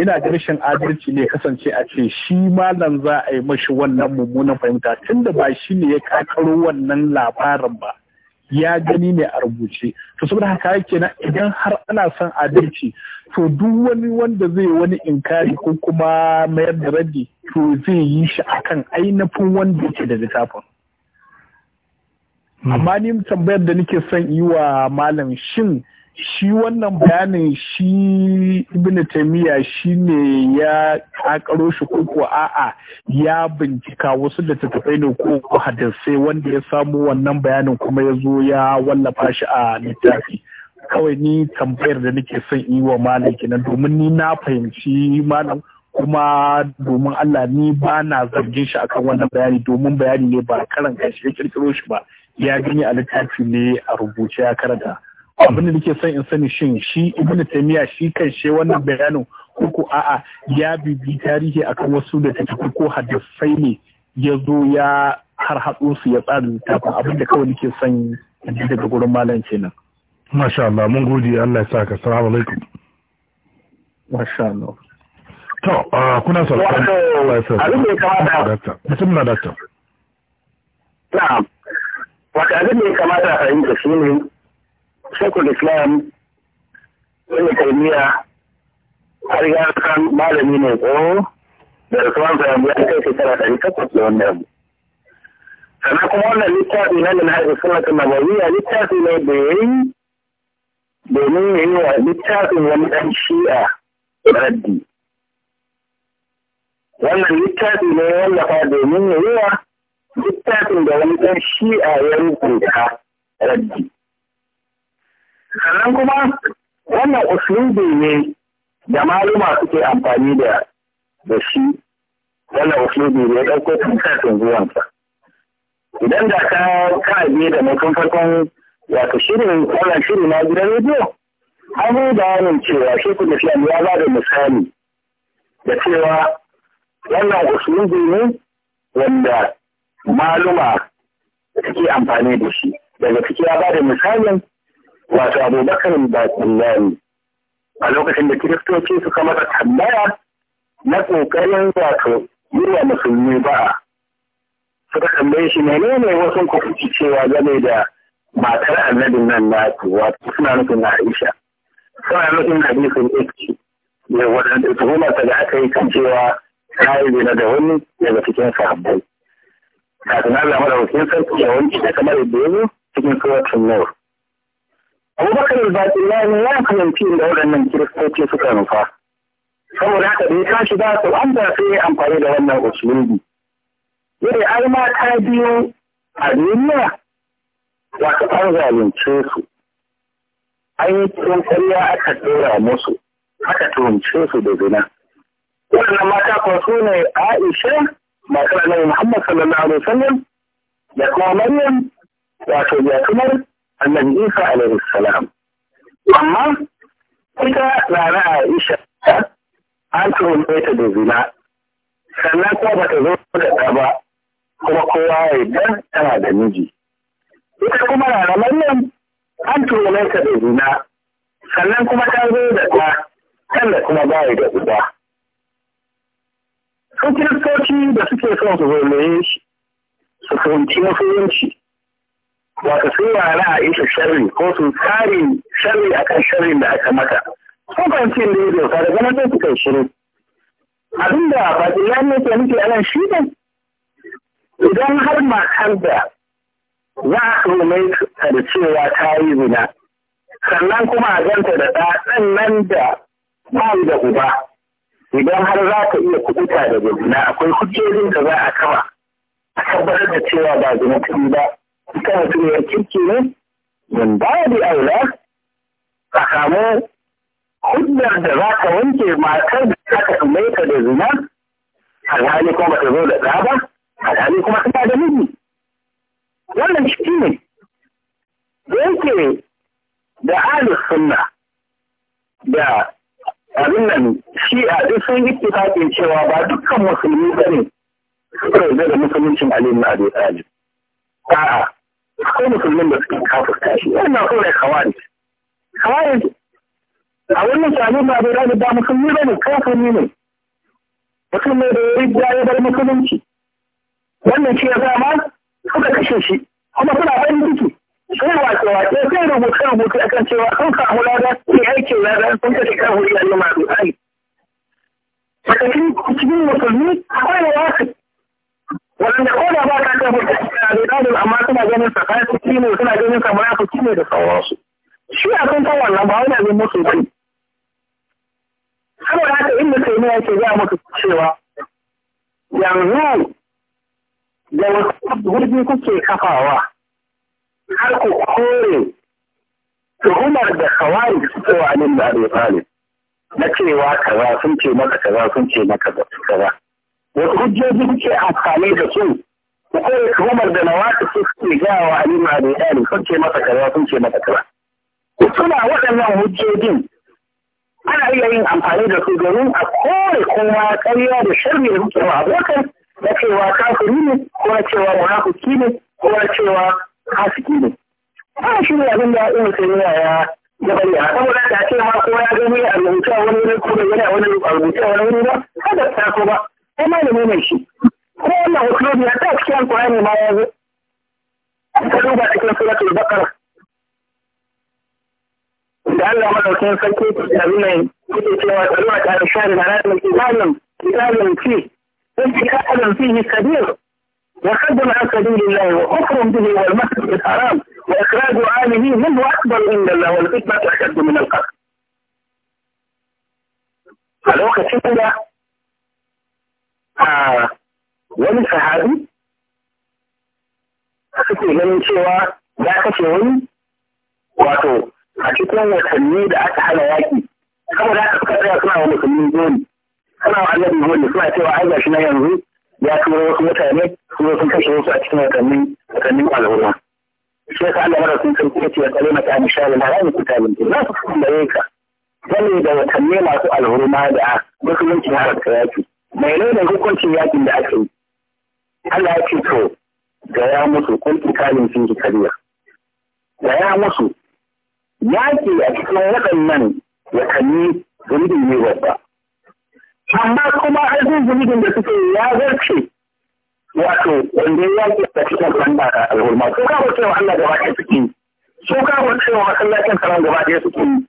ina da adalci ne kasance a ce shi malam za a yi mashi wannan mummunan fahimta tunda ba shi ne ya kakaro wannan labarin ba ya gani ne a rubuce to saboda haka yake na idan har ana son adalci to duk wani wanda zai wani inkari ko kuma mayar da rabi to zai yi shi akan ainihin wanda yake da littafin hmm. amma ni tambayar da nake son yi wa malam shin shi wannan bayanin shi ibn taimiyya shi ne ya kakaro shi ko a'a ya bincika wasu da littattafai ne ko hadisai wanda ya samu wannan bayanin kuma ya zo ya wallafa shi a littafi kawai ni tambayar da nake son yi wa malam kenan domin ni na fahimci malam kuma domin Allah ni ba na zargin shi akan wannan bayani domin bayani ne ba karan shi ya kirkiro shi ba ya gani a littafi ne a rubuce ya karanta abin da nake son in sani shin shi ibn taymiya shi kan shi wannan bayanin uku a'a ya bibi tarihi akan wasu da tafi ko hadisai ne ya zo ya har hatsu su ya tsara littafin abin da kawai nake son in daga gurin malam kenan masha Allah mun gode Allah ya ka assalamu alaikum masha Allah to kuna sauraron Allah ya saka abin da ya kamata bismillah wata abin da ya kamata a fahimta ne. shekul islam wani tarbiya har ya kan malami ne tsoro da rasuwan sayan ya tara da ɗari takwas da wannan abu sannan kuma wannan littafi na min haifu sunatun nabawiya littafi ne da ya domin ya yi wa littafin wani ɗan shi'a raddi wannan littafi ne ya wallafa domin ya yi wa littafin da wani ɗan shi'a ya rubuta raddi sannan kuma wannan usulubi ne da maluma suke amfani da da shi wannan usulubi ne ɗauko tun kafin zuwansa idan da ka kaje da mutum farkon wato shirin wannan shiri na gidan rediyo an yi bayanin cewa shi kuma shi ya ba da misali da cewa wannan usulubi ne wanda maluma suke amfani da shi daga ciki ya ba da misalin wato abubakar ba kullani a lokacin da kiristoci suka masa tambaya na ƙoƙarin wato yi wa musulmi ba suka tambaye shi menene wasu kuɗi cewa game da matar annabin nan naku wato suna nufin na Aisha suna nufin hadisin ikki da wadanda tuhumarsa da aka yi kan cewa ta yi zina da wani daga cikin sahabbai kafin Allah mara wakil sarki ya da kamar da yanzu cikin kowacin nur Abubakar al-Bakillani ya kamanci da waɗannan kiristoci suka nufa. Saboda haka da ya tashi ba su an da sai amfani da wannan usulubi. Yadda ai mata biyu a duniya wato an zalunce su. An yi cikin aka tsora musu, aka tuhumce su da zina. Waɗannan mata kuwa su ne Aisha, masu ranar Muhammad sallallahu alaihi wasallam da kuma Maryam wato jatumar annabi Isa alaihi salam amma ita rana Aisha an tuhumce ta da zina sannan kuma bata zo da ɗa ba kuma kowa ya yarda tana da miji ita kuma rana Maryam an tuhumce ta da zina sannan kuma ta zo da ɗa sannan kuma ba ya da uba su kiristoci da suke son su zolaye shi su fahimci musulunci wata sun yara a isa sharri ko sun tsari sharri kan sharrin da aka mata sun fahimci da ya zauka da zama zai suka shiru abinda yi ne ke nufi anan shi ne idan har matar da za a tume da cewa ta yi zina sannan kuma a ganta da ɗa nan da ba da uba idan har za ta iya kubuta da zina akwai hujjojin da za a kama a tabbatar da cewa ba zina ta ba karatu ya kirki ne min ba da aula ka samu hujjar da za ka wanke matar da za ka tambaye ka da zina alhali kuma ta zo da ɗa ba alhali kuma tana da miji wannan shi ne yake da alif sunna da abin nan shi a duk sun yi ittifaqin cewa ba dukkan musulmi ba bane suka yarda da musuluncin Ali ibn Abi Talib a'a akwai musulmin da suka suke kafurta shi wannan kawai kawari kawari a wannan shanu ba bai rage ba musulmi ba ne kafiri ne mutum ne da ya riga ya bar musulunci wannan shi ya zama suka kashe shi kuma suna farin ciki sai wace wace sai rubuta a kan cewa sun samu lada sun aikin lada sun kashe kafiri a yi masu tsari. Matakin cikin musulmi akwai da wanda ko da ba ka da mutum suna dadin amma suna ganin sa kai su ne suna ganin sa ma ku ne da sauransu shi a kan kan wannan ba wani abin musu bane saboda haka in mutum ne yake ga muku cewa yanzu da wasu kuke kafawa har ku kore tuhumar da kawai suke wa da na cewa kaza sun ce maka kaza sun ce maka kaza wasu hujjoji kuke amfani da su ko kai kamar da na wata su suke gaya wa Ali Mahdi Ali sun ce masa kaza sun ce masa kaza ku tuna waɗannan hujjojin ana iya yin amfani da su domin a kore kuma ƙarya da sharri da kuke ma abokan na cewa kafiri ne ko na cewa munafiki ne ko na cewa hasiki ne ba shi ne abin da ya taymiya ya ya bayyana saboda da ce ma ko ya gani a rubuta wani ne ko da yana wani rubuta wani ne ba kada ta ko ba ko malami ne shi ko wannan hukumomi ya ta cikin alkurani ma ya zo ka duba cikin suratul baqara da Allah madaukakin sarki da nuna yake cewa tsaruwa ta da shari na ranar kitabin kitabin ci in ci kitabin fihi kabir وقدم عن سبيل الله وكفر به والمسجد الحرام واخراج عامله منه اكبر عند الله والفتنه اشد من القتل. فلو كتبنا a wani sahabi suke ganin cewa ya kashe wani wato a cikin watanni da aka hana yaƙi saboda aka suka tsaya suna wa musulmi goli suna wa annabi goli suna cewa ai gashi na yanzu ya tura wasu mutane kuma sun kashe wasu a cikin watanni watannin al'umma shi yasa Allah mara sun sarki yace ya tsare maka an sha Allah ya mutu ta za su kuma da yanka sani da watanni masu al'umma da musulunci har ka yaƙi menene hukuncin yakin da aka yi Allah ya ce to ga ya musu kun kalin sun ji kariya ga ya musu yaki a cikin waɗannan kalli zunubin ne babba amma kuma aikin zunubin da suke ya zarce wato wanda ya yaki a cikin kanda a alhulma So ka wace wa Allah gaba ɗaya suke so ka wace wa masallacin karan gaba ɗaya suke yi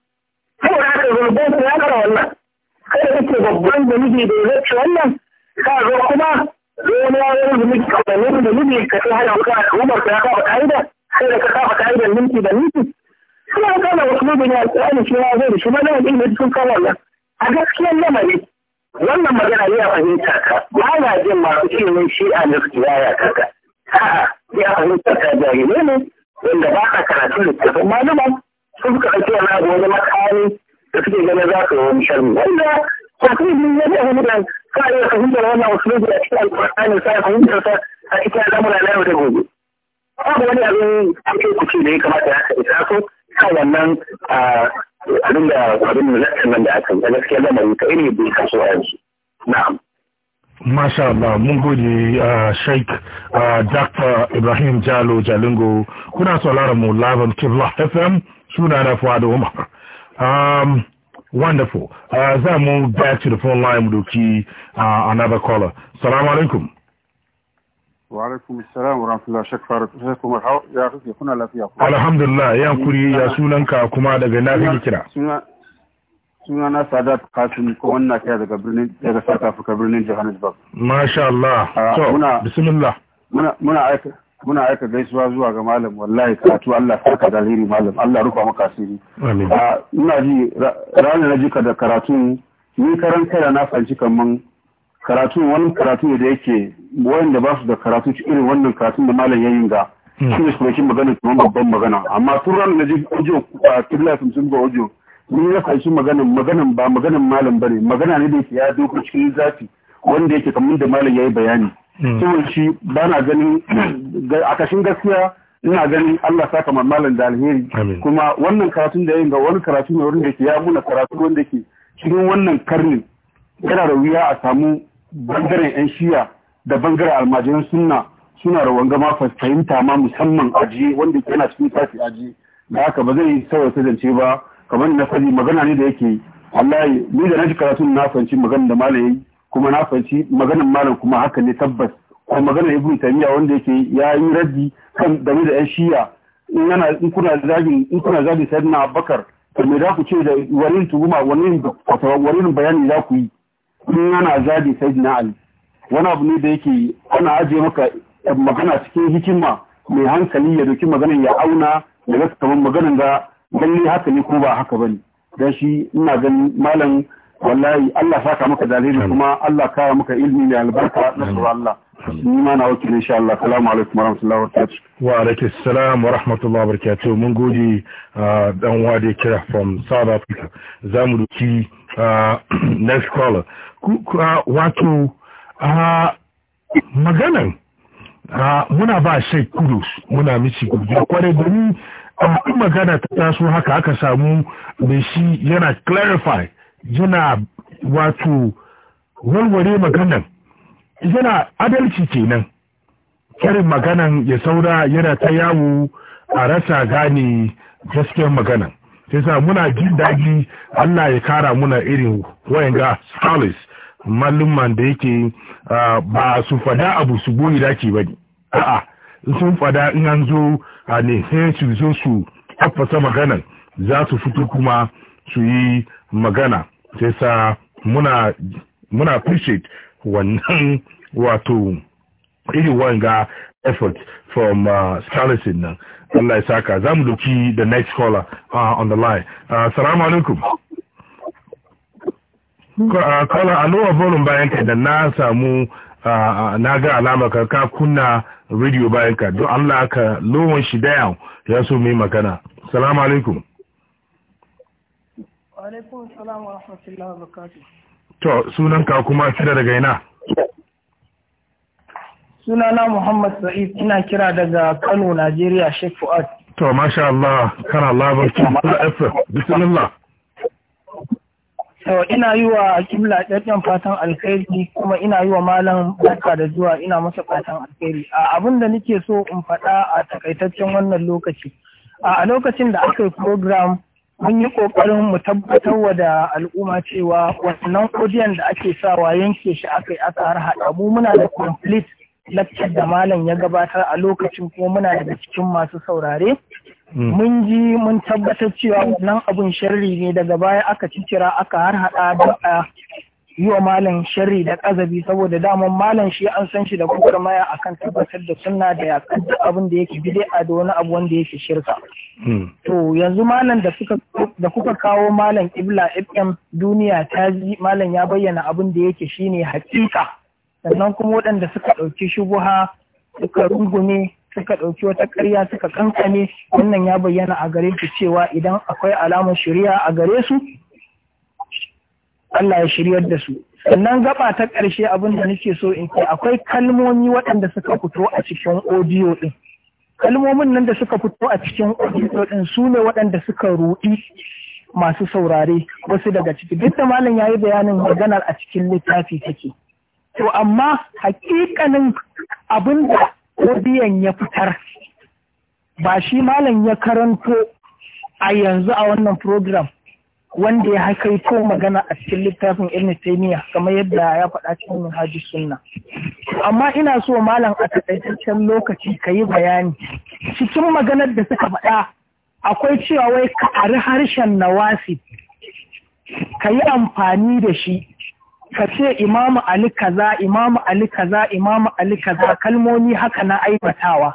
saboda haka zunubin su ya gara wannan kada kake babban zunubi da ya zace wannan ka zo kuma zai ya yi miji ka da da ka sai hana ka umar ka kafa kaida sai da ka kafa ka'idar minti da minti sai an kama wasu mutum ya tsari shi ya zai da shi ma da ilimi sun kama wannan a gaskiyar lamari wannan magana ya fahimta ka ba na jin masu ilimin shi'a da su yaya kaka a'a ya fahimta ka jahilai ne wanda ba ka karatu littattafan malaman sun suka ɗauke na wani makami تكفي جنازات ومشرمين وإلا تقريب من يده مثلا فاعل يخفيد الهنا وصليد الأشياء القرآن الفاعل خفيد الهنا فأكيد أدام الأعلى ودهودي أبو ولي أبو أبو كتير لي كما تحت إساسه كان من أدن أدن لأس من دعاكم أنا سكيلا من تأني بيكاسو أنسو نعم Masha Allah, mungu ni uh, Sheikh uh, Um, wonderful. Uh, as I move back to the phone line, we'll key uh, another caller. Salam alaikum. Alhamdulillah, ya kuri ya sunanka kuma daga na kake kira. Suna na Sadat Kasim ko wannan kai daga birnin daga South Africa birnin Johannesburg. Masha Allah. Ah, so bismillah. Muna muna aika muna aika gaisuwa zuwa ga malam wallahi karatu Allah saka dalili malam Allah rufa maka asiri Amin. Ah, ina ji ranar na jika da karatu ni karan kai na fanci kaman karatu wani karatu ne da yake wanda ba su da karatu irin wannan karatu da malam ya ga hmm. shi ne shi magana kuma babban magana amma tun ranar na ji ojo a ah, kirla sun ga ojo ni na fanci magana magana ba magana malam bane magana ne da yake ya doko cikin zafi wanda yake kamar da malam ya yi bayani ciwon hmm. shi ba na ganin a kashin gaskiya ina ganin Allah saka mamalin da alheri kuma wannan karatun da yayin ga wani karatu ne wanda ya muna karatu wanda ke cikin wannan karni yana da wuya a samu bangaren yan shiya da bangaren almajiran sunna suna da wangama fahimta ma musamman ajiye wanda ke yana cikin tafi ajiye da haka ba zai sauya zance ba kamar na fadi magana ne da yake allah yi ni da na ji karatun na fahimci magana da malayi kuma na fahimci maganin malam kuma haka ne tabbas ko maganar ibn taymiya wanda yake ya yi raddi kan game da yan shiya in yana in kuna zagin in kuna zagin sayyidina abubakar me za ku ce da warin tuhuma warin bayani za ku yi in yana zagin sayyidina ali wani abu ne da yake ana ajiye maka magana cikin hikima mai hankali ya doki maganar ya auna da gaskaman maganar ga ganin haka ne ko ba haka bane dan shi ina ganin malam wallahi Allah saka maka dalili kuma Allah kara maka ilmi mai albarka na sura Allah ni ma na wakili insha Allah assalamu alaikum warahmatullahi wabarakatuh wa alaikum assalam wa rahmatullahi wabarakatuh mun gode uh, dan wade kira from South Africa zamu duki uh, next caller uh, wato maganan muna ba shai kudus muna mici kudus kwarai domin a magana ta taso haka aka samu da shi yana clarify yana wato walware maganan yana adalci kenan karin maganan ya saura yana ta yawo a rasa gane gaskiyar maganan sai sa muna jin daji Allah ya kara muna irin wayanga scholars malluman da yake ba su fada abu su goyi dace ba ne a'a sun fada in an zo a ne sai su zo su tafasa maganan za su fito kuma su yi magana sai sa muna appreciate wannan wato irin wanga effort from uh, Charleston nan Allah ya saka za mu doki the next caller uh, on the line uh, salamu alaikum Kola, uh, a lower volume bayan ka da na samu uh, na ga alama ka ka kunna radio bayan ka don Allah ka lowan shi down ya so mai magana salamu alaikum Alaikun salamu rahmatullahi wa barakatu. To, sunanka kuma kira daga ina? Sunana Muhammad Sa'id ina kira daga Kano, Najeriya, Sheikh Fuad. To, masha Allah, kana labar cikin Bismillah. So, ina yi wa kibla ɗaɗɗen fatan alkhairi kuma ina yi wa malam barka da zuwa ina masa fatan alkhairi. A abin da nake so in faɗa a takaitaccen wannan lokaci. A lokacin da aka yi program mun yi ƙoƙarin mu tabbatar wa da al'umma cewa wannan odiyan da ake sawa yanke shi aka yi aka har haɗa mu muna da complete lakcar da malam ya gabatar a lokacin kuma muna daga cikin masu saurare hmm. mun ji mun tabbatar cewa wannan abun sharri ne daga baya aka cikira aka har haɗa da yi wa malam sharri da ƙazabi saboda damar malam shi an san shi da maya a kan tabbatar da suna da yakan duk abin da yake a da wani abu wanda yake shirka hmm. to yanzu malam da kuka kawo malam ibla fm duniya ta ji malam ya bayyana abin da yake shine hakika sannan kuma waɗanda suka ɗauki shubuha suka rungume suka ɗauki wata ƙarya suka kankane wannan ya bayyana a gare su cewa idan akwai alamar shari'a a gare su Allah ya shiryar da su sannan gaba ta ƙarshe abin da nake so in ce akwai kalmomi waɗanda suka fito a cikin odiyo ɗin kalmomin nan da suka fito a cikin odiyo ɗin su ne waɗanda suka ruɗi masu saurare wasu daga ciki duk da malam ya yi bayanin maganar a cikin littafi take to amma hakikanin abin da ya fitar ba shi malam ya karanto a yanzu a wannan program wanda ya hakaito magana a cikin littafin ibn taymiya kamar yadda ya faɗa cikin haji sunna amma ina so malam a takaitaccen lokaci ka yi bayani cikin maganar da suka faɗa akwai cewa wai ka ari harshen nawasi ka yi amfani da shi ka ce imamu ali kaza imamu ali kaza imamu ali kaza kalmomi haka na aibatawa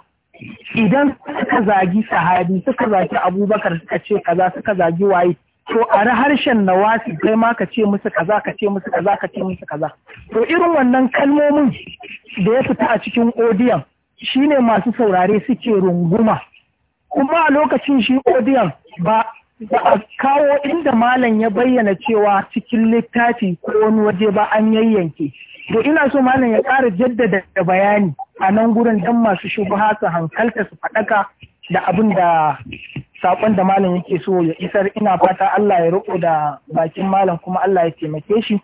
idan suka zagi sahabi suka zagi abubakar suka ce kaza suka zagi waye to a harshen nawasi kai ma ka ce musu kaza ka ce musu kaza ka ce musu kaza to irin wannan kalmomin da ya fita a cikin odiyan shine masu saurare suke runguma kuma a lokacin shi odiyan ba a kawo inda malam ya bayyana cewa cikin littafi ko wani waje ba an yayyanke to ina so malam ya ƙara jaddada da bayani a nan gurin dan masu shubha su hankalta su faɗaka da abin da saƙon da malam yake so ya isar ina fata Allah ya riƙo da bakin malam kuma Allah ya taimake shi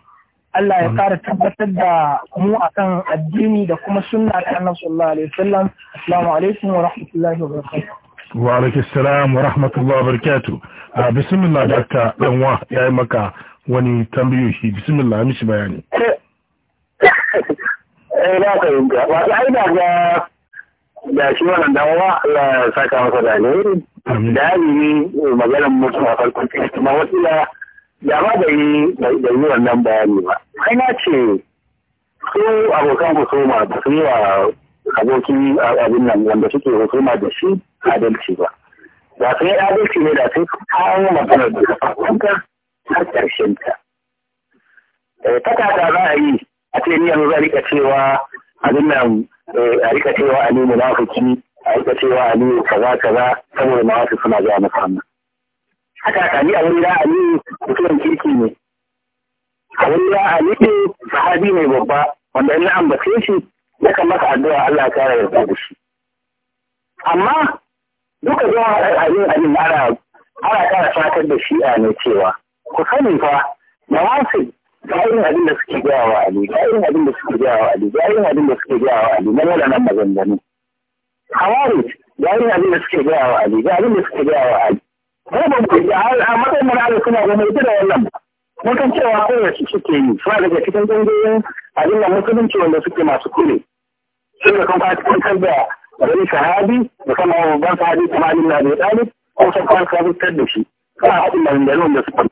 Allah ya ƙara tabbatar da mu akan addini da kuma sunna ta Annabi sallallahu alaihi wasallam assalamu alaikum wa rahmatullahi wa barakatuh wa alaikum assalam wa rahmatullahi wa barakatuh ah, bismillah da dan wa yayi maka wani tambayoyi bismillah mishi bayani eh na fahimta wata da ga da shi wannan dawowa Allah ya saka masa da alheri dali ne eh, maganar mutu a farkon kai kuma wasu da da ma da yi da yi wannan bayani ba kai na ce su abokan husuma da su yi wa abokin abin nan wanda suke husuma da shi adalci ba ba su yi adalci ne da sai su kawo maganar da ka har karshen eh, ta ta kaka za a yi a ce ni yanzu za a rika cewa abin nan eh, a rika cewa a ne munafiki a rika cewa aliyu kaza kaza saboda ma wasu suna zuwa masa hannu haka ka ni a wuri na aliyu mutumin kirki ne a wuri na aliyu sahabi ne babba wanda in ambace shi ya kan masa addu'a Allah ya kare yarda da shi amma duka zuwa abin abin ana ana kara fatar da shi'a ne cewa ku sani fa da wasu ga irin abin da suke gaya wa Ali ga irin abin da suke gaya wa Ali ga irin abin da suke gaya wa Ali na nan maganganu hawari da yin abin da suke gaya wa ali da abin da suke gaya wa ali ko ba mu a matsayin mana da kuma ba mu da wannan mun kan cewa kowace suke yi suna daga cikin ƙungiyoyin abin da musulunci wanda suke masu kure sun da kuma cikin da wani sahabi musamman babban sahabi kamar ibn abi talib ko sun kwantar da shi suna haɗin maganganun da suke